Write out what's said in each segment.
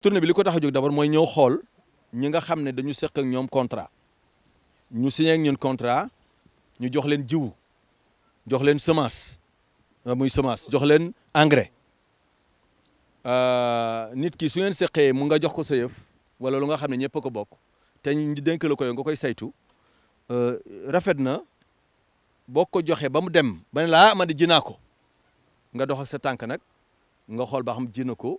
tournée bi li ko tax a jóg d'abord mooy ñëw xool ñi nga xam ne dañu seq ak ñoom contrat ñu signé ak contrat ñu jox leen jiw jox leen semence euh, muy semence jox leen engrais euh, nit ki su ngeen seqee mu nga jox ko sa yëf wala lu nga xam ne ñëpp a ko bokk te ñu dénk la ko yow nga koy saytu euh, rafet na boo ko joxee ba mu dem ba ne laa ah, man di ji naa ko nga dox sa tànk nag nga xool ba xam ji na ko.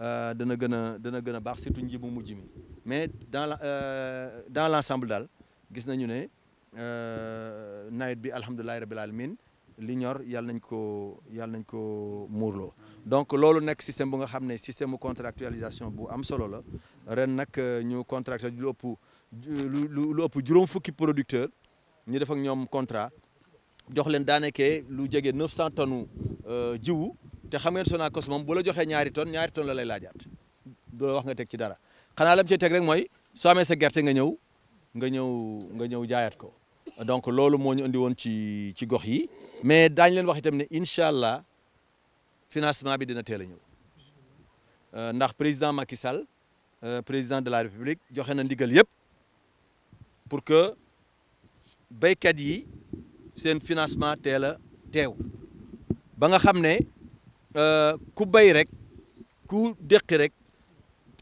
Euh, dana gën a dana gën a baax surtout nji bu mujj mais dans la euh, dans l'ensemble, d'al, gis nañu né euh nawet bi alhamdoulillah rabil alamin li ñor yàlla nañ ko yàlla nañ ko mourlo donc lolu nek système bu nga xamné système de contractualisation bu am solo la ren nak euh, ñu contracter lu ëpp lu lu ëpp juróom fukki producteur ñi def ak ñom contrat jox leen daané ké lu jege 900 tonnes jiwu te xam ngeen Sonacos moom bu la joxe ñaari tonnes ñaari tonnes la lay laajaat doo wax nga teg ci dara xanaa lam ci teg rek mooy soo amee sa gerte nga ñëw nga ñëw nga ñëw jaayaat ko donc loolu moo ñu indi woon ci ci gox yi mais daañ leen waxitam ne incha allah financement bi dina teela a ñëw euh, ndax président Macky Sall euh, président de la République joxe na ndigal yëpp pour que béykat yi seen financement teel a teew ba nga xam ne Euh, ku bay rek ku dekk rek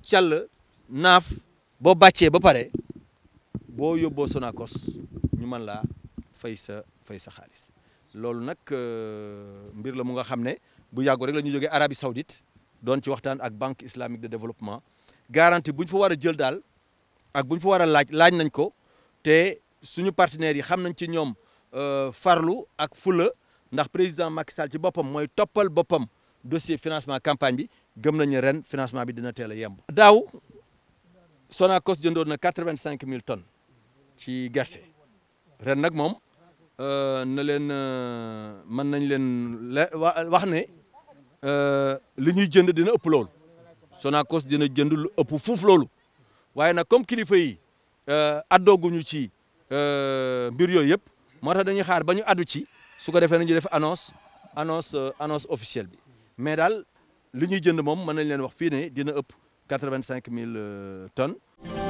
Bobare, naaf bo bàccee ba pare boo yóbboo Sonacos ñu Saoudite, la fay sa fay sa Nous euh, mbir la mu nga xamné bu la banque islamique de développement garantie de fa jël islamique ak laaj te suñu partenaires yi euh, farlu ak président Macky Sall dossier financement campagne bi gëm nañu ren financement bi dina teel a yemb. daaw Sonacos jëndoon na quatre vingt cinq mille tonnes ci gerte ren nag moom euh, na leen euh, mën nañ leen wax ne euh, li ñuy jënd dina ëpp loolu Sonacos dina jënd lu ëpp fuuf loolu waaye nag comme kilifa yi addooguñu ci mbir yooyu yëpp ma tax dañuy xaar ba ñu addu ci su ko defee nañu def annonce annonce annonce officielle bi. Mais là, que de mon manuel de 85 000 tonnes.